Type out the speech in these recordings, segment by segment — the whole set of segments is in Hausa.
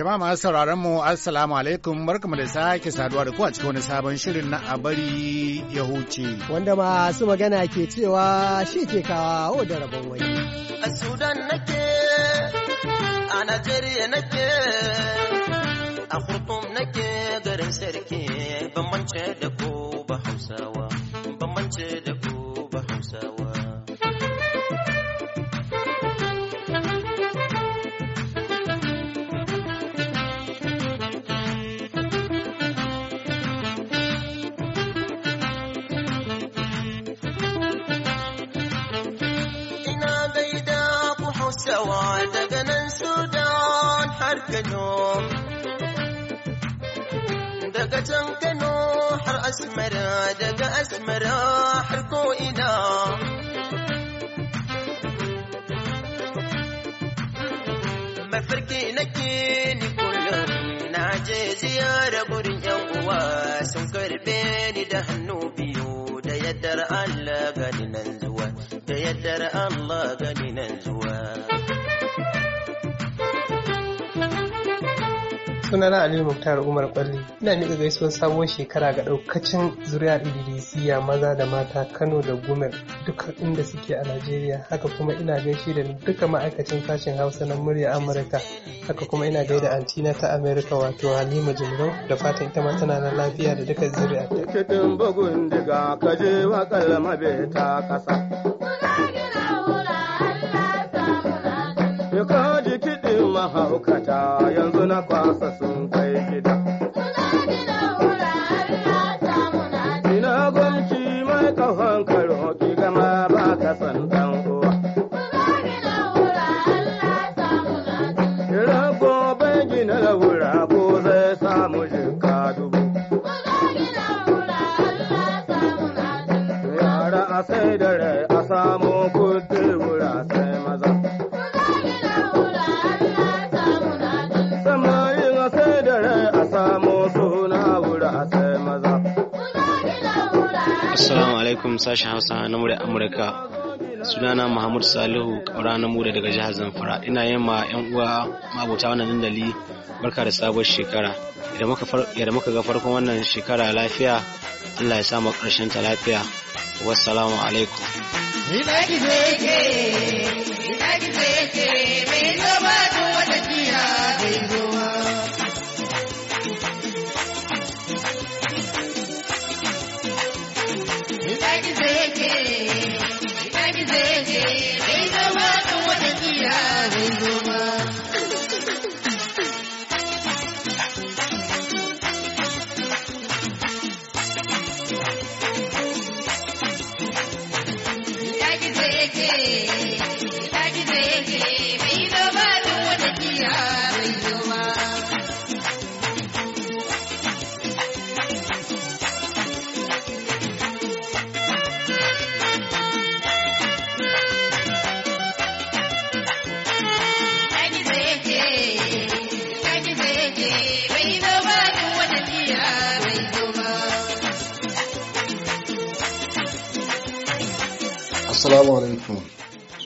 Jama'a masu sauraron mu Assalamu alaikum barkamu da sake saduwa da ku a cikin wani sabon shirin na a bari ya huce. Wanda masu magana ke cewa shi ke kawo da rabon wani. A Sudan nake, a Najeriya nake, a Khartoum nake garin sarki ban da ko ba Hausawa. san Kano har Asmara daga Asmara har ko ina. Mafarki nake ni kullum na je ziyara gurin yan uwa sun karbe ni da hannu biyu da yaddar Allah gani nan zuwa da yaddar Allah gani nan zuwa. sunana Aliyu Muktar Umar Kwalli ina miƙa gaisuwar sabuwar shekara ga ɗaukacin zuriya Idrisiya maza da mata Kano da Gumel duka inda suke a Najeriya haka kuma ina gaishe da duka ma'aikacin sashen Hausa na murya Amurka haka kuma ina gaida antina ta Amerika wato Halima Jimro da fatan ita ma tana nan lafiya da duka zuriya. Kitin bugun diga kaje ta ƙasa. mahaukata yanzu na kwasa sun kai gida. Ina gwanci mai kafan karo. Assalamu alaikum sashen Hausa na murya Amurka. Sunana Muhammad Salihu ƙaura na mura daga jihar Zamfara. Ina yin ma 'yan uwa mabuta wannan dandali barka da sabuwar shekara. Idan muka ga farkon wannan shekara lafiya, Allah ya samu karshen ta lafiya. Wassalamu alaikum. Assalamu alaikum.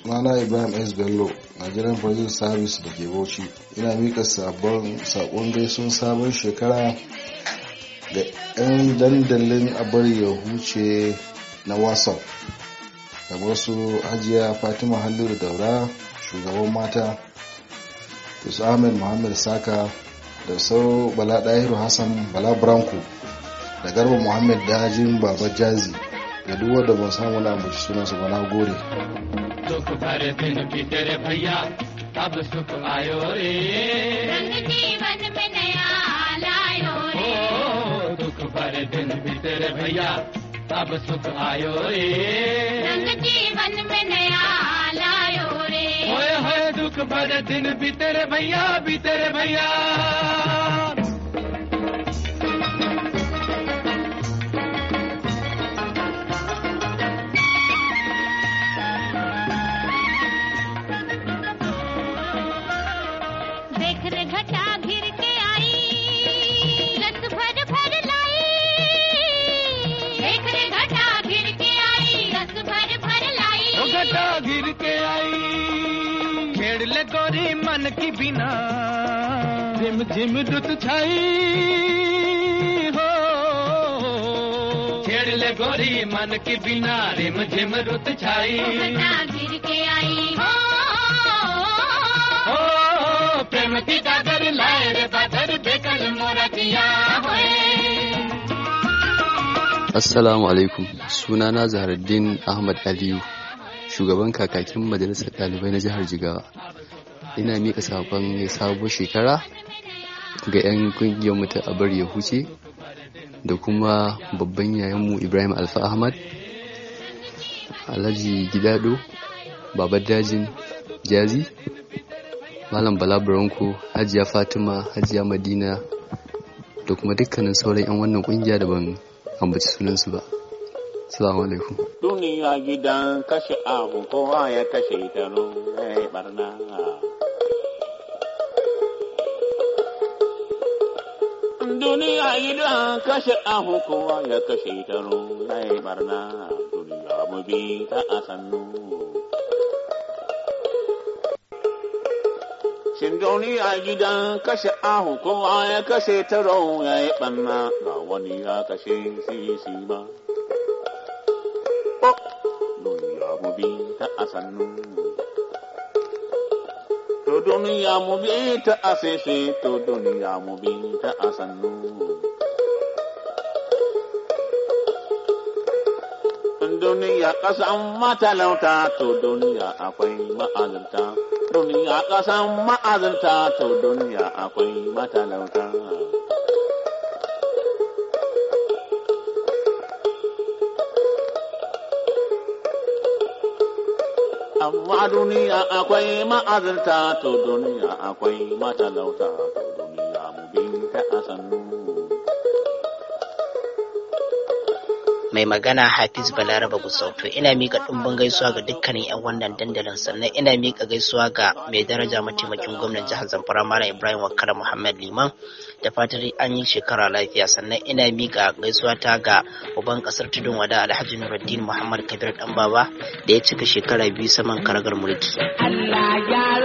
Sunana Ibrahim S. Bello, Nigerian Prison Service da ke Bauchi. Ina mika sabon gaisun sabon shekara ga 'yan dandalin abar ya huce na WhatsApp. da wasu Hajiya Fatima Halliru Daura, shugaban mata, su Ahmed Muhammad Saka, da sau Bala Dahiru Hassan Bala Branko, da Garba Muhammad Dajin Baba Jazi. da duk wanda ban samu na ambaci sunansa ba na gode duk bare bin ki tere भैया तब सुख आयो रे रंग जीवन में नया लायो रे ओ दुख भरे दिन भी तेरे भैया तब सुख आयो रे रंग जीवन में नया लायो रे ओए होए दुख भरे दिन भी तेरे भैया भी तेरे भैया की बिना झिम झिम दुत छाई छेड़ ले गोरी मन की बिना रिम झिम रुत छाई गिर के आई हो, हो, प्रेम की दादर लाए रे बादर बेकल मोरा किया Assalamu alaikum sunana Zaharuddin Ahmad Aliyu shugaban kakakin majalisar ɗalibai na jihar Jigawa ina mika sabon sabuwar shekara ga 'yan kungiyar mu ta abar ya huce da kuma babban yayanmu ibrahim alfa ahmad alhaji gidado babar dajin jazi malam bala hajiya fatima hajiya madina da kuma dukkanin sauran 'yan wannan kungiya da ban ambaci sunansu ba salamu alaikum duniya gidan kashe abu kowa ya kashe ita yi barna duniya idan kashe ahu kowa ya kashe ta rai barna duniya mu bi ta a sannu. Shin duniya gidan kashe ahu kowa ya kashe ta ya yi ɓanna ba wani ya kashe sisi ba. Duniya mu bi ta a sannu. to duniya mu bi ta asese to duniya mu bi ta asannu duniya kasan matalauta to duniya akwai ma'azanta duniya kasan ma'azanta to duniya akwai matalauta amma duniya akwai ma'azarta to duniya akwai matalauta to duniya mu a sannu. mai magana hafiz balaraba gusauto ina mika ɗumbin gaisuwa ga dukkanin 'yan wannan dandalin sannan ina mika gaisuwa ga mai daraja mataimakin gwamnan jihar zamfara malam ibrahim wakala muhammad liman da fatar an yi shekara lafiya sannan ina mika gaisuwa ta ga uban ƙasar tudun wada alhaji nuruddin muhammad kabir dan baba da ya cika shekara biyu saman karagar mulki Allah ya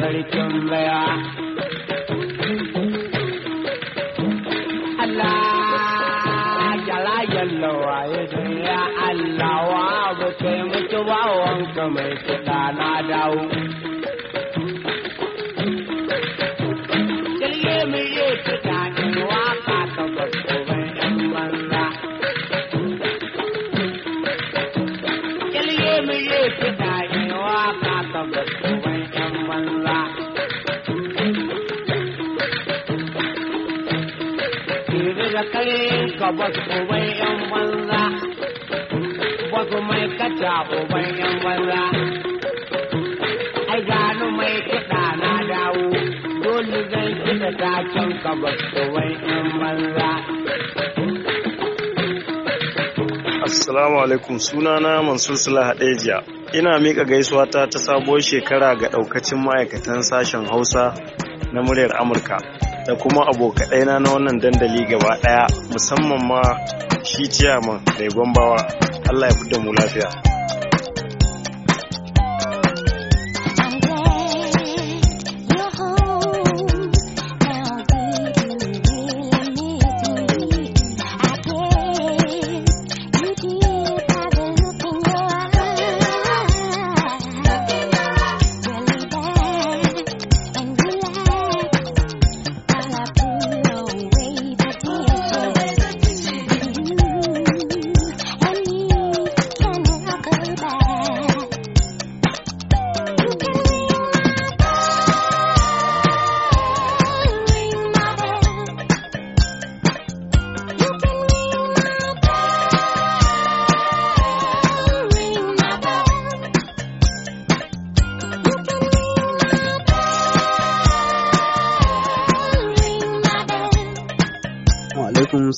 mai baya ka basu uban yan banza wasu mai kata uban yan banza ai gano mai kiɗa na dawo dole zai kiɗa ta can ka wasu uban yan banza Assalamu alaikum sunana Mansur Sula Hadejiya. Ina miƙa gaisuwa ta ta sabuwar shekara ga ɗaukacin ma'aikatan sashen Hausa na muryar Amurka. da kuma abokaɗaina na wannan dandali gaba ɗaya musamman ma shi ciyaman da bawa Allah ya fi da mu lafiya.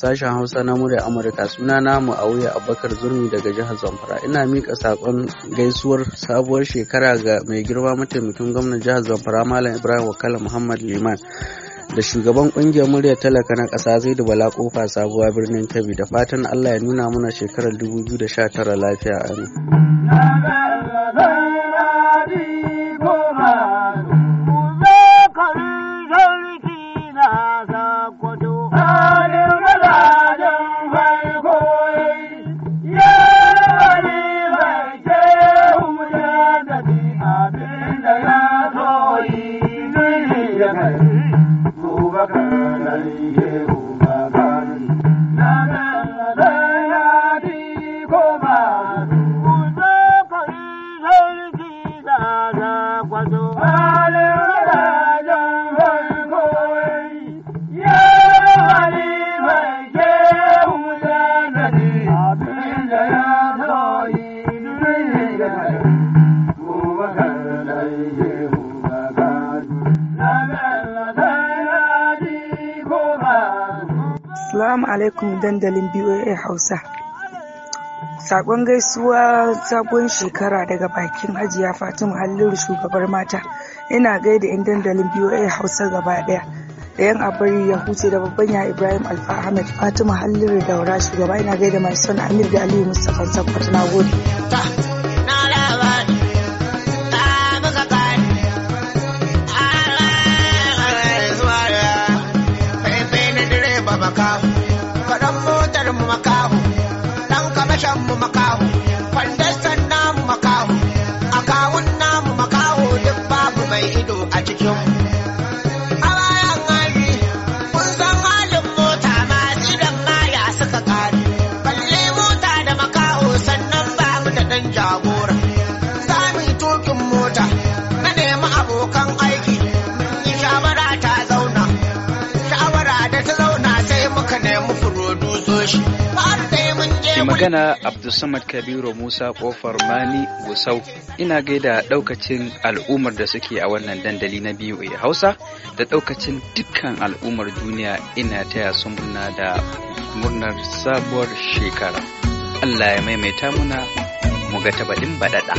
sashen Hausa na murya Amurka suna namu a wuya Abubakar Zurmi daga jihar Zamfara. Ina mika sakon gaisuwar sabuwar shekara ga mai girma mataimakin gwamnan jihar Zamfara Malam Ibrahim Wakala Muhammad Liman. da shugaban kungiyar muryar talaka na ƙasa zai da bala kofa sabuwa birnin kebbi da fatan allah ya nuna mana shekarar 2019 lafiya amin. dandalin BOA Hausa. Sakon gaisuwa sabon shekara daga bakin Hajiya Fatima Halliru shugabar mata. Ina gaida 'yan dandalin BOA Hausa gaba daya. Da yan abari ya huce da babban ya Ibrahim Alfa Ahmed Fatima Halliru daura shugaba ina gaida mai son Amir da Aliyu Mustapha Sakwato na gode. magana Abdulsamad Kabiru Musa Kofar Mani Gusau. Ina gaida daukacin al'ummar da suke a wannan dandali na biyu a Hausa da daukacin dukkan al'ummar duniya ina taya su murna da murnar sabuwar shekara. Allah ya maimaita muna mu ga tabadin badada.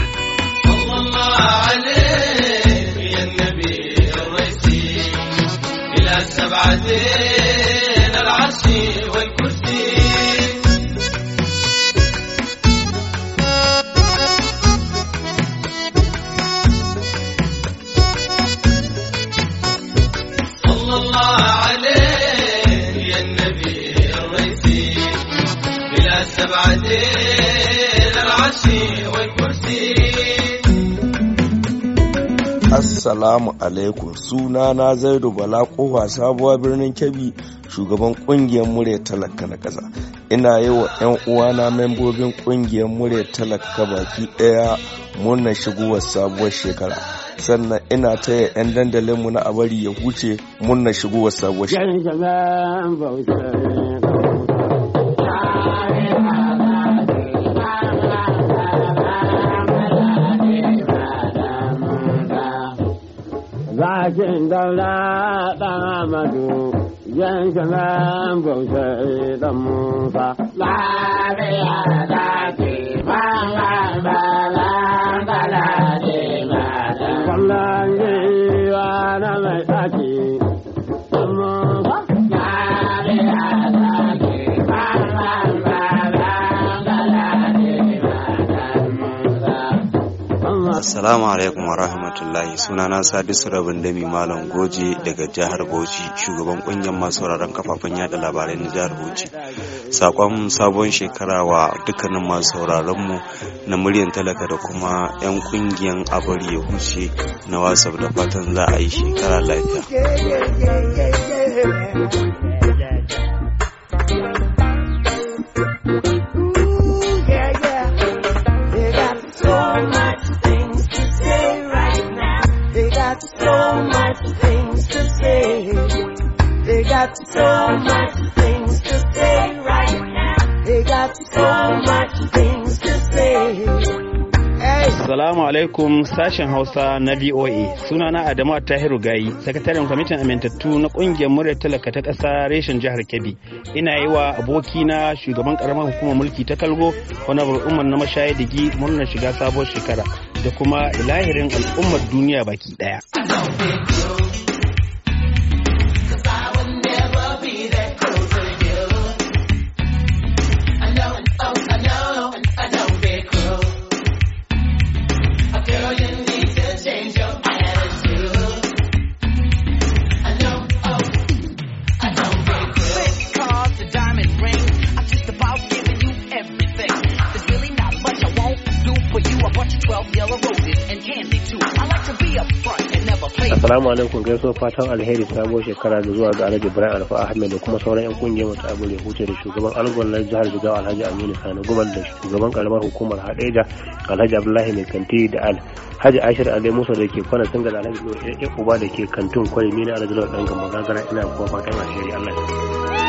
Assalamu alaikum suna na Zaidu Bala Kowa sabuwa birnin Kebbi shugaban kungiyar murya talaka na ƙasa. Ina yi wa 'yan uwana membobin kungiyar murya talaka baki ɗaya muna shigowar sabuwar shekara. Sannan ina taya 'yan dandalinmu na abari ya huce muna shigowar sabuwar shekara. Sarkin daula ɗan amadu yan shanan bautar ɗan musa. da ke mamman na mai Assalamu alaikum wa rahmatullahi sunana Sadisu Rabin Dami Malam Goje daga jihar Bauchi shugaban kungiyar masu sauraron kafafen yada labarai na jihar Bauchi. Sakon sabon shekara wa dukkanin masu sauraron mu na muryan talaka da kuma 'yan kungiyar abari ya huce na wasaf da fatan za a yi shekara lafiya. got Salamu alaikum sashen Hausa na VOA. Sunana Adamu Tahiru Gayi, sakataren kwamitin amintattu na kungiyar muryar talaka ta ƙasa reshen jihar Kebbi. Ina yi wa abokina shugaban ƙaramar hukumar mulki ta Kalgo, Honorable Umar na mashayi digi murnar shiga sabuwar shekara da kuma lahirin al'ummar duniya baki ɗaya. Assalamu alaikum gaisuwa fatan alheri sabuwar shekara da zuwa ga Alhaji Ibrahim Alfa Ahmed da kuma sauran 'yan kungiyar mata abu ya huce da shugaban algon na jihar Jigawa Alhaji Aminu Sani Gumal da shugaban karamar hukumar Hadeja Alhaji Abdullahi Mai Kanti da Al Haji Ashir Ali Musa da ke kwana sun ga Alhaji Uba da ke kantun kwalimi na Alhaji Lawal Dangan Magagara ina kuma fatan alheri Allah ya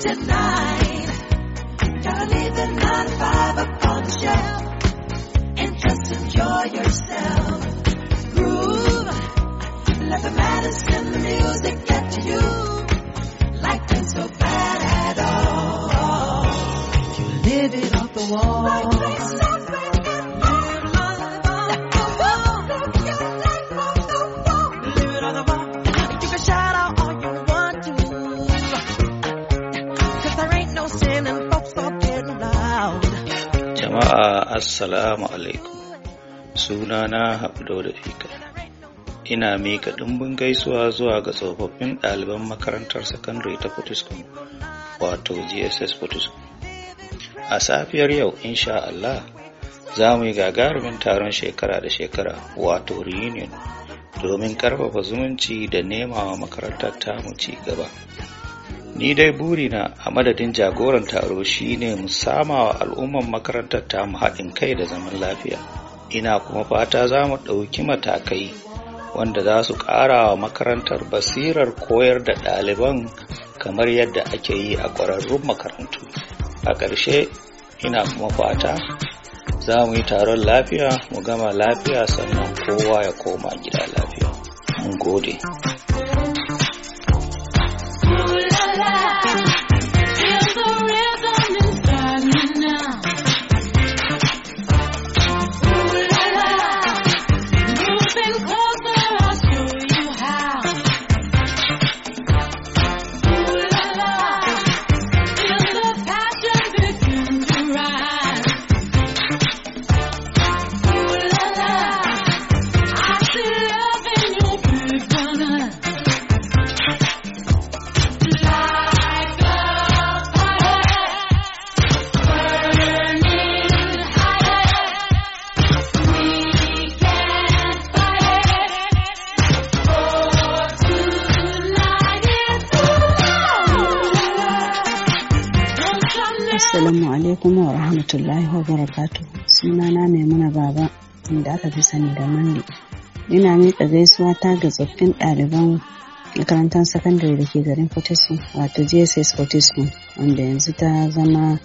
Tonight, got Gotta leave the nine to five up on the shelf and just enjoy yourself. Groove, let the madness and the music Assalamu alaikum. Sunana Habdo da Ina mika ɗimbin gaisuwa zuwa ga tsofaffin ɗaliban makarantar sakandare ta Potiskum, wato GSS Potiskum. A safiyar yau, insha Allah, za mu yi gagarumin taron shekara da shekara, wato reunion, domin ƙarfafa zumunci da nema wa makarantar tamu ci gaba. ni dai burina a madadin jagoran taro shine mu sama wa al'umman makarantar ta mu haɗin kai da zaman lafiya ina kuma fata za mu ɗauki matakai wanda za su ƙara wa makarantar basirar koyar da ɗaliban kamar yadda ake yi a ƙwararrun makarantu a ƙarshe ina kuma fata za mu yi taron lafiya mu gama lafiya sannan kowa ya koma gida lafiya mun gode Assalamu alaikum wa rahmatullahi wa barakatu. Sunana Maimuna Baba inda aka fi sani da Mandi. Ina miƙa gaisuwa ta ga tsoffin ɗaliban makarantar sakandare da ke garin Fortescue wato JSS Fortescue wanda yanzu ta zama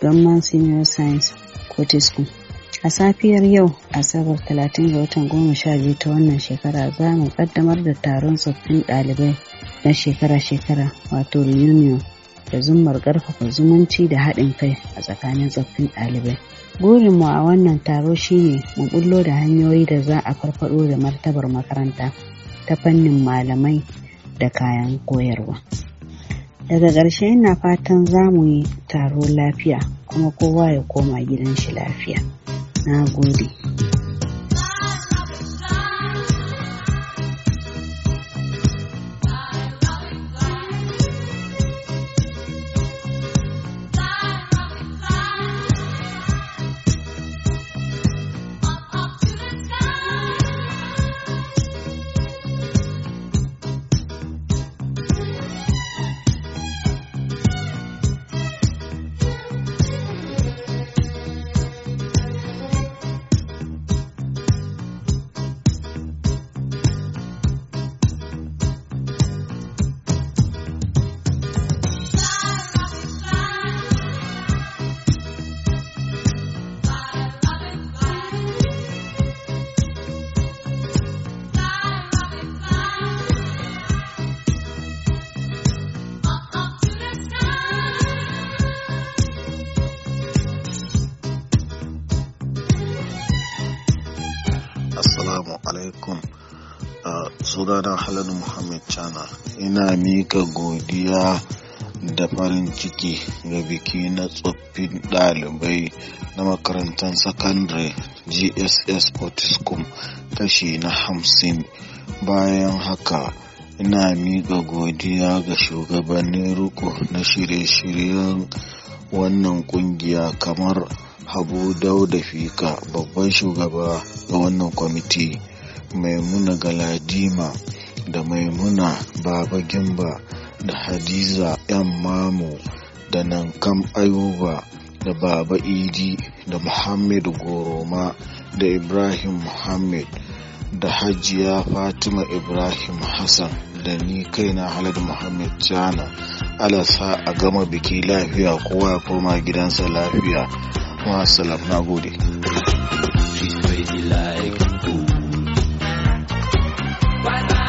Gamman Senior Science Fortescue. A safiyar yau Asabar 30 ga watan goma sha biyu ta wannan shekara za mu ƙaddamar da taron tsoffin ɗalibai na shekara-shekara wato reunion da zummar ƙarfafa zumunci da haɗin kai a tsakanin tsoffin ɗalibai. Burinmu a wannan taro shine mu bullo da hanyoyi da za a farfaɗo da martabar makaranta ta fannin malamai da kayan koyarwa. Daga ƙarshe ina fatan za mu yi taro lafiya kuma kowa ya koma gidan shi lafiya. Na gode. sauraron Haladu Muhammad Chana. Ina mika godiya da farin ciki ga biki na tsoffin ɗalibai na makarantar sakandare GSS Potiskum kashi na hamsin. Bayan haka, ina mika godiya ga shugabannin ruko na shirye-shiryen wannan kungiya kamar Habu Dauda Fika babban shugaba ga wannan kwamiti. maimuna galadima da maimuna baba gimba da hadiza yan mamu da Nankan ayuba da baba idi da muhammad goroma da ibrahim muhammad da hajiya fatima ibrahim hassan da ni kaina halad muhammad jana alasa a gama biki lafiya kowa ya koma gidansa lafiya masu na gode Bye-bye.